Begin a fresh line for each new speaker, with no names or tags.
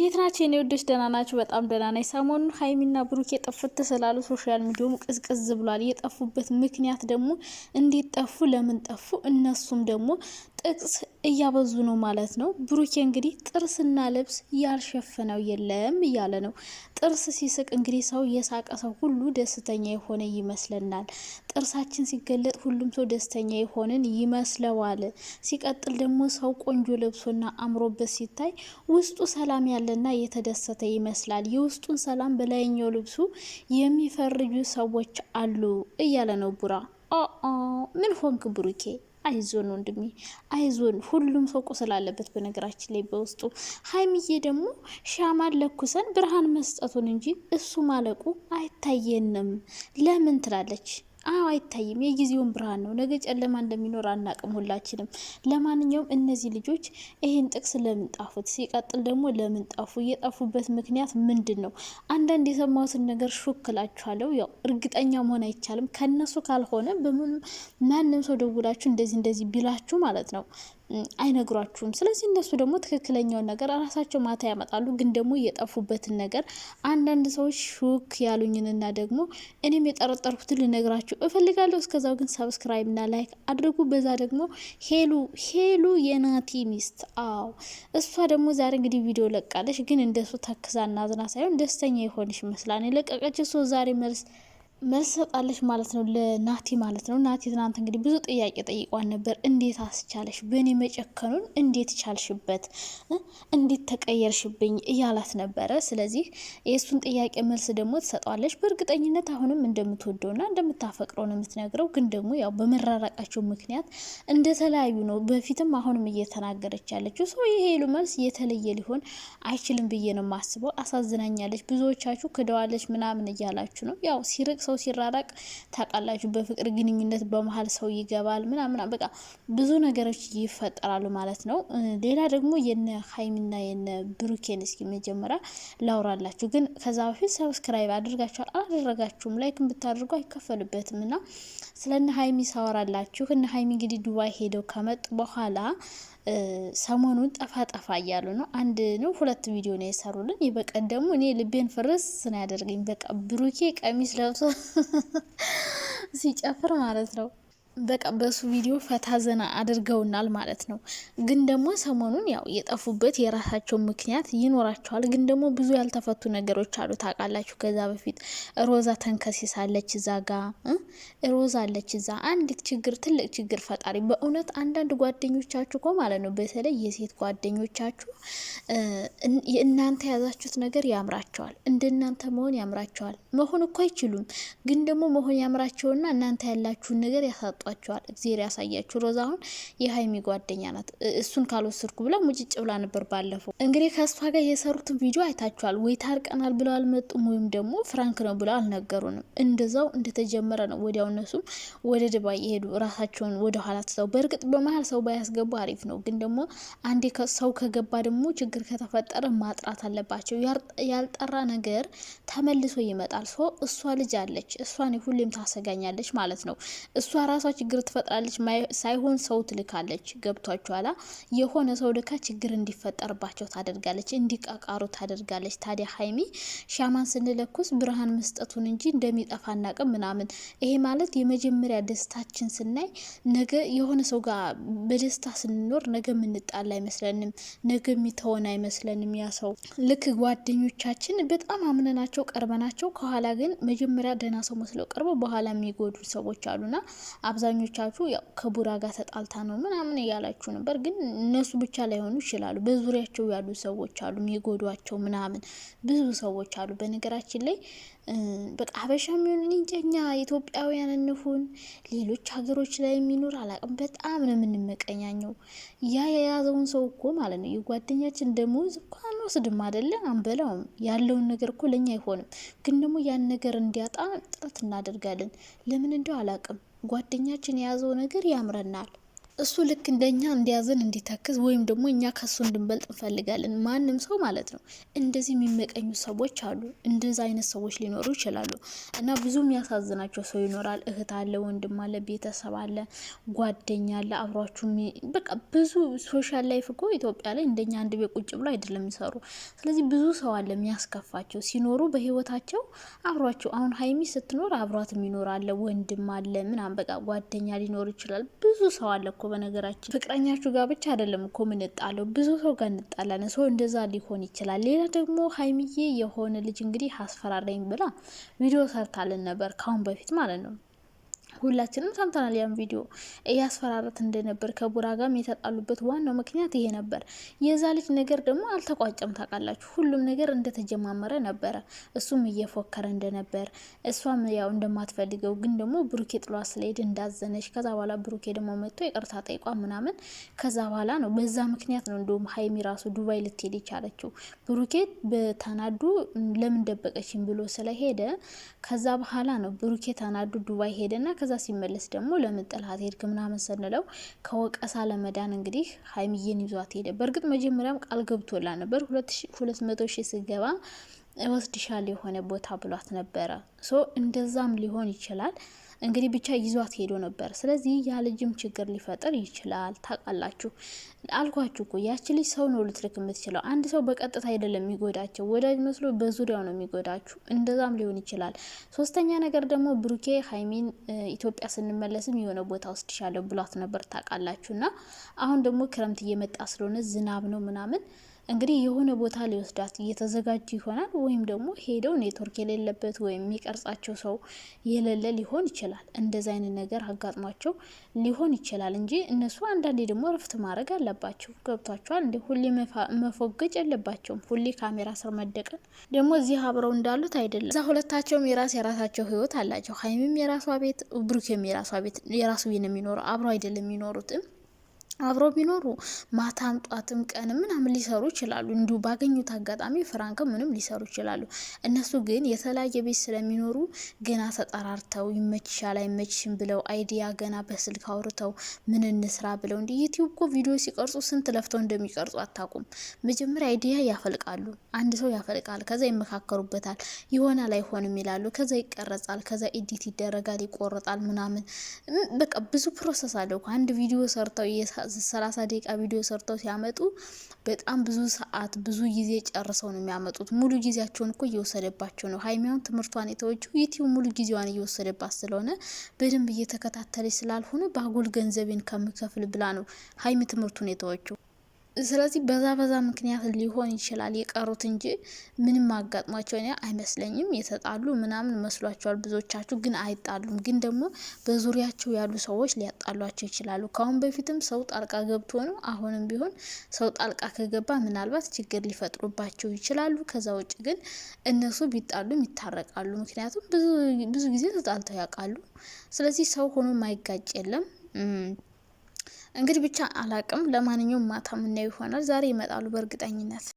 እንዴት ናቸው የኔ ውዶች? ደህና ናቸው? በጣም ደህና ናኝ። ሰሞኑን ሀይሚና ብሩኬ ጥፍት ስላሉ ሶሻል ሚዲያውም ቅዝቅዝ ብሏል። የጠፉበት ምክንያት ደግሞ እንዴት ጠፉ፣ ለምን ጠፉ፣ እነሱም ደግሞ ጥቅስ እያበዙ ነው ማለት ነው። ብሩኬ እንግዲህ ጥርስና ልብስ ያልሸፈነው የለም እያለ ነው። ጥርስ ሲስቅ እንግዲህ ሰው የሳቀ ሰው ሁሉ ደስተኛ የሆነ ይመስለናል። ጥርሳችን ሲገለጥ ሁሉም ሰው ደስተኛ የሆንን ይመስለዋል። ሲቀጥል ደግሞ ሰው ቆንጆ ለብሶና አምሮበት ሲታይ ውስጡ ሰላም ያለና የተደሰተ ይመስላል። የውስጡን ሰላም በላይኛው ልብሱ የሚፈርጁ ሰዎች አሉ እያለ ነው ቡራ። ምን ሆንክ ብሩኬ? አይዞን ወንድሜ አይዞን። ሁሉም ሰው ቁስል አለበት በነገራችን ላይ በውስጡ። ሀይሚዬ ደግሞ ሻማን ለኩሰን ብርሃን መስጠቱን እንጂ እሱ ማለቁ አይታየንም ለምን ትላለች። አዎ አይታይም። የጊዜውን ብርሃን ነው። ነገ ጨለማ እንደሚኖር አናቅም ሁላችንም። ለማንኛውም እነዚህ ልጆች ይህን ጥቅስ ለምን ጣፉት? ሲቀጥል ደግሞ ለምን ጣፉ? የጣፉበት ምክንያት ምንድን ነው? አንዳንድ የሰማሁትን ነገር ሾክላችኋለሁ። ያው እርግጠኛ መሆን አይቻልም። ከነሱ ካልሆነ በምንም ማንም ሰው ደውላችሁ እንደዚህ እንደዚህ ቢላችሁ ማለት ነው አይነግሯችሁም። ስለዚህ እነሱ ደግሞ ትክክለኛውን ነገር ራሳቸው ማታ ያመጣሉ። ግን ደግሞ የጠፉበትን ነገር አንዳንድ ሰዎች ሹክ ያሉኝንና ደግሞ እኔም የጠረጠርኩትን ልነግራችሁ እፈልጋለሁ። እስከዛው ግን ሰብስክራይብ ና ላይክ አድርጉ። በዛ ደግሞ ሄሉ ሄሉ የናቲ ሚስት አዎ፣ እሷ ደግሞ ዛሬ እንግዲህ ቪዲዮ ለቃለች። ግን እንደሱ ተክዛና ዝና ሳይሆን ደስተኛ የሆንሽ ይመስላል ነው የለቀቀች። እሱ ዛሬ መልስ መልስ ሰጣለች ማለት ነው፣ ለናቲ ማለት ነው። ናቲ ትናንት እንግዲህ ብዙ ጥያቄ ጠይቋን ነበር። እንዴት አስቻለሽ? በእኔ መጨከኑን እንዴት ቻልሽበት? እንዴት ተቀየርሽብኝ? እያላት ነበረ። ስለዚህ የእሱን ጥያቄ መልስ ደግሞ ትሰጧለች። በእርግጠኝነት አሁንም እንደምትወደውና እንደምታፈቅረው ነው የምትነግረው። ግን ደግሞ ያው በመራራቃቸው ምክንያት እንደተለያዩ ነው በፊትም አሁንም እየተናገረች ያለችው። ሰው ይሄ መልስ የተለየ ሊሆን አይችልም ብዬ ነው የማስበው። አሳዝናኛለች። ብዙዎቻችሁ ክደዋለች ምናምን እያላችሁ ነው ያው ሲርቅ ሰው ሲራራቅ ታውቃላችሁ፣ በፍቅር ግንኙነት በመሀል ሰው ይገባል ምናምን፣ በቃ ብዙ ነገሮች ይፈጠራሉ ማለት ነው። ሌላ ደግሞ የነ ሀይሚና የነ ብሩኬን እስኪ መጀመሪያ ላውራላችሁ። ግን ከዛ በፊት ሰብስክራይብ አድርጋችኋል አላደረጋችሁም? ላይክ ብታደርጉ አይከፈልበትም እና ስለ እነ ሀይሚ ሳወራላችሁ እነ ሀይሚ እንግዲህ ዱባይ ሄደው ከመጡ በኋላ ሰሞኑን ጠፋ ጠፋ እያሉ ነው። አንድ ነው ሁለት ቪዲዮ ነው የሰሩልን። የበቀን ደግሞ እኔ ልቤን ፍርስ ስን ያደርገኝ በቃ ብሩኬ ቀሚስ ለብሶ ሲጨፍር ማለት ነው። በቃ በሱ ቪዲዮ ፈታ ዘና አድርገውናል ማለት ነው። ግን ደግሞ ሰሞኑን ያው የጠፉበት የራሳቸው ምክንያት ይኖራቸዋል። ግን ደግሞ ብዙ ያልተፈቱ ነገሮች አሉ ታውቃላችሁ። ከዛ በፊት ሮዛ ተንከሲሳለች፣ እዛ ጋ ሮዛ አለች። እዛ አንዲት ችግር ትልቅ ችግር ፈጣሪ በእውነት አንዳንድ ጓደኞቻችሁ እኮ ማለት ነው፣ በተለይ የሴት ጓደኞቻችሁ እናንተ የያዛችሁት ነገር ያምራቸዋል። እንደናንተ መሆን ያምራቸዋል። መሆን እኮ አይችሉም፣ ግን ደግሞ መሆን ያምራቸውና እናንተ ያላችሁን ነገር ያሳጡ ያውቃቸዋል። እግዜር ያሳያችሁ። ሮዛ አሁን የሀይሚ ጓደኛ ናት። እሱን ካልወሰድኩ ብላ ሙጭጭ ብላ ነበር ባለፈው። እንግዲህ ከእሷ ጋር የሰሩትን ቪዲዮ አይታችኋል ወይ? ታርቀናል ብለው አልመጡም፣ ወይም ደግሞ ፍራንክ ነው ብለው አልነገሩንም። እንደዛው እንደተጀመረ ነው። ወዲያው እነሱም ወደ ድባይ የሄዱ ራሳቸውን ወደ ኋላ ትተው። በእርግጥ በመሀል ሰው ባያስገቡ አሪፍ ነው፣ ግን ደግሞ አንዴ ሰው ከገባ ደግሞ ችግር ከተፈጠረ ማጥራት አለባቸው። ያልጠራ ነገር ተመልሶ ይመጣል። ሶ እሷ ልጅ አለች። እሷን ሁሌም ታሰጋኛለች ማለት ነው። እሷ ራሷ ችግር ትፈጥራለች ሳይሆን ሰው ትልካለች። ገብቷችኋላ? የሆነ ሰው ልካ ችግር እንዲፈጠርባቸው ታደርጋለች፣ እንዲቃቃሩ ታደርጋለች። ታዲያ ሀይሚ ሻማን ስንለኩስ ብርሃን መስጠቱን እንጂ እንደሚጠፋ እናቅም ምናምን። ይሄ ማለት የመጀመሪያ ደስታችን ስናይ ነገ የሆነ ሰው ጋር በደስታ ስንኖር ነገ የምንጣል አይመስለንም፣ ነገ የሚተወን አይመስለንም። ያ ሰው ልክ ጓደኞቻችን በጣም አምነናቸው ቀርበናቸው ከኋላ ግን መጀመሪያ ደህና ሰው መስለው ቀርበው በኋላ የሚጎዱ ሰዎች አሉና አብዛኞቻችሁ ያው ከቡራ ጋር ተጣልታ ነው ምናምን እያላችሁ ነበር። ግን እነሱ ብቻ ላይሆኑ ይችላሉ። በዙሪያቸው ያሉ ሰዎች አሉ የሚጎዷቸው ምናምን ብዙ ሰዎች አሉ። በነገራችን ላይ በቃ ሀበሻ የሚሆን እንጀኛ ኢትዮጵያውያን እንሁን ሌሎች ሀገሮች ላይ የሚኖር አላቅም። በጣም ነው የምንመቀኛኘው። ያ የያዘውን ሰው እኮ ማለት ነው የጓደኛችን ደሞዝ እኮ አንወስድም አይደለ? አንበላውም። ያለውን ነገር እኮ ለእኛ አይሆንም። ግን ደግሞ ያን ነገር እንዲያጣ ጥረት እናደርጋለን። ለምን እንዲሁ አላቅም። ጓደኛችን የያዘው ነገር ያምረናል። እሱ ልክ እንደኛ እንዲያዘን እንዲተክዝ ወይም ደግሞ እኛ ከሱ እንድንበልጥ እንፈልጋለን። ማንም ሰው ማለት ነው። እንደዚህ የሚመቀኙ ሰዎች አሉ። እንደዚ አይነት ሰዎች ሊኖሩ ይችላሉ እና ብዙ የሚያሳዝናቸው ሰው ይኖራል። እህት አለ፣ ወንድም አለ፣ ቤተሰብ አለ፣ ጓደኛ አለ፣ አብሯችሁ በቃ ብዙ ሶሻል ላይፍ እኮ ኢትዮጵያ ላይ እንደኛ አንድ ቤት ቁጭ ብሎ አይደለም የሚሰሩ። ስለዚህ ብዙ ሰው አለ የሚያስከፋቸው ሲኖሩ በህይወታቸው አብሯቸው። አሁን ሀይሚ ስትኖር አብሯት የሚኖር አለ፣ ወንድም አለ፣ ምናምን በቃ ጓደኛ ሊኖር ይችላል። ብዙ ሰው አለ እኮ በነገራችን ፍቅረኛችሁ ጋር ብቻ አይደለም እኮ ምንጣለው፣ ብዙ ሰው ጋር እንጣላለን። ሰው እንደዛ ሊሆን ይችላል። ሌላ ደግሞ ሀይሚዬ የሆነ ልጅ እንግዲህ አስፈራራኝ ብላ ቪዲዮ ሰርታልን ነበር ካሁን በፊት ማለት ነው። ሁላችንም ሰምተናል። ያን ቪዲዮ እያስፈራራት እንደነበር ከቡራ ጋም የተጣሉበት ዋናው ምክንያት ይሄ ነበር። የዛ ልጅ ነገር ደግሞ አልተቋጨም። ታውቃላችሁ፣ ሁሉም ነገር እንደተጀማመረ ነበረ። እሱም እየፎከረ እንደነበር እሷም ያው እንደማትፈልገው ግን ደግሞ ብሩኬ ጥሏት ስለሄድ እንዳዘነች ከዛ በኋላ ብሩኬ ደግሞ መጥቶ ይቅርታ ጠይቋ ምናምን ከዛ በኋላ ነው። በዛ ምክንያት ነው እንደውም ሀይሚ ራሱ ዱባይ ልትሄድ ይቻለችው። ብሩኬ በተናዱ ለምን ደበቀችን ብሎ ስለሄደ ከዛ በኋላ ነው ብሩኬ ተናዱ ዱባይ ሄደና ከዛ ሲመለስ ደግሞ ለምን ጥላት ሄድክ ምናምን ስንለው ከወቀሳ ለመዳን እንግዲህ ሀይሚዬን ይዟት ሄደ። በእርግጥ መጀመሪያም ቃል ገብቶላ ነበር ሁለት መቶ ሺህ ስገባ ወስድሻል የሆነ ቦታ ብሏት ነበረ። ሶ እንደዛም ሊሆን ይችላል። እንግዲህ ብቻ ይዟት ሄዶ ነበር። ስለዚህ ያ ልጅም ችግር ሊፈጥር ይችላል። ታውቃላችሁ፣ አልኳችሁ እኮ ያቺ ልጅ ሰው ነው ልትልክ የምትችለው። አንድ ሰው በቀጥታ አይደለም የሚጎዳቸው፣ ወዳጅ መስሎ በዙሪያው ነው የሚጎዳችሁ። እንደዛም ሊሆን ይችላል። ሶስተኛ ነገር ደግሞ ብሩኬ ሀይሚን ኢትዮጵያ ስንመለስም የሆነ ቦታ ወስድሻለሁ ብሏት ነበር ታውቃላችሁ። እና አሁን ደግሞ ክረምት እየመጣ ስለሆነ ዝናብ ነው ምናምን እንግዲህ የሆነ ቦታ ሊወስዳት እየተዘጋጁ ይሆናል። ወይም ደግሞ ሄደው ኔትወርክ የሌለበት ወይም የሚቀርጻቸው ሰው የሌለ ሊሆን ይችላል። እንደዚ አይነት ነገር አጋጥሟቸው ሊሆን ይችላል እንጂ እነሱ አንዳንዴ ደግሞ ረፍት ማድረግ አለባቸው። ገብቷቸዋል። እንዲ ሁሌ መፎገጭ የለባቸውም። ሁሌ ካሜራ ስር መደቀን ደግሞ እዚህ አብረው እንዳሉት አይደለም። እዛ ሁለታቸውም የራስ የራሳቸው ህይወት አላቸው። ሀይሚም የራሷ ቤት፣ ብሩኬም የራሷ ቤት የራሱ ነው የሚኖረው። አብረው አይደለም የሚኖሩትም አብሮ ቢኖሩ ማታም ጧትም ቀን ምናምን ሊሰሩ ይችላሉ። እንዲሁ ባገኙት አጋጣሚ ፍራንክ ምንም ሊሰሩ ይችላሉ። እነሱ ግን የተለያየ ቤት ስለሚኖሩ ገና ተጠራርተው ይመችሻል አይመችሽም ብለው አይዲያ ገና በስልክ አውርተው ምን እንስራ ብለው እንዲ ዩቲዩብ እኮ ቪዲዮ ሲቀርጹ ስንት ለፍተው እንደሚቀርጹ አታውቁም። መጀመሪያ አይዲያ ያፈልቃሉ። አንድ ሰው ያፈልቃል፣ ከዛ ይመካከሩበታል። ይሆናል አይሆንም ይላሉ። ከዛ ይቀረጻል፣ ከዛ ኤዲት ይደረጋል፣ ይቆረጣል ምናምን በቃ ብዙ ፕሮሰስ አለው። አንድ ቪዲዮ ሰርተው ሰላሳ ደቂቃ ቪዲዮ ሰርተው ሲያመጡ በጣም ብዙ ሰዓት ብዙ ጊዜ ጨርሰው ነው የሚያመጡት። ሙሉ ጊዜያቸውን እኮ እየወሰደባቸው ነው። ሀይሚውን ትምህርቷን የተወችው ዩቲዩብ ሙሉ ጊዜዋን እየወሰደባት ስለሆነ በደንብ እየተከታተለች ስላልሆነ በአጉል ገንዘቤን ከምከፍል ብላ ነው ሀይሚ ትምህርቱን የተወችው። ስለዚህ በዛ በዛ ምክንያት ሊሆን ይችላል የቀሩት እንጂ ምንም አጋጥሟቸው አይመስለኝም። የተጣሉ ምናምን መስሏቸዋል ብዙዎቻችሁ፣ ግን አይጣሉም። ግን ደግሞ በዙሪያቸው ያሉ ሰዎች ሊያጣሏቸው ይችላሉ። ከአሁን በፊትም ሰው ጣልቃ ገብቶ ነው። አሁንም ቢሆን ሰው ጣልቃ ከገባ ምናልባት ችግር ሊፈጥሩባቸው ይችላሉ። ከዛ ውጭ ግን እነሱ ቢጣሉም ይታረቃሉ። ምክንያቱም ብዙ ጊዜ ተጣልተው ያውቃሉ። ስለዚህ ሰው ሆኖ ማይጋጭ የለም። እንግዲህ ብቻ አላቅም። ለማንኛውም ማታ የምናየው ይሆናል። ዛሬ ይመጣሉ በእርግጠኝነት።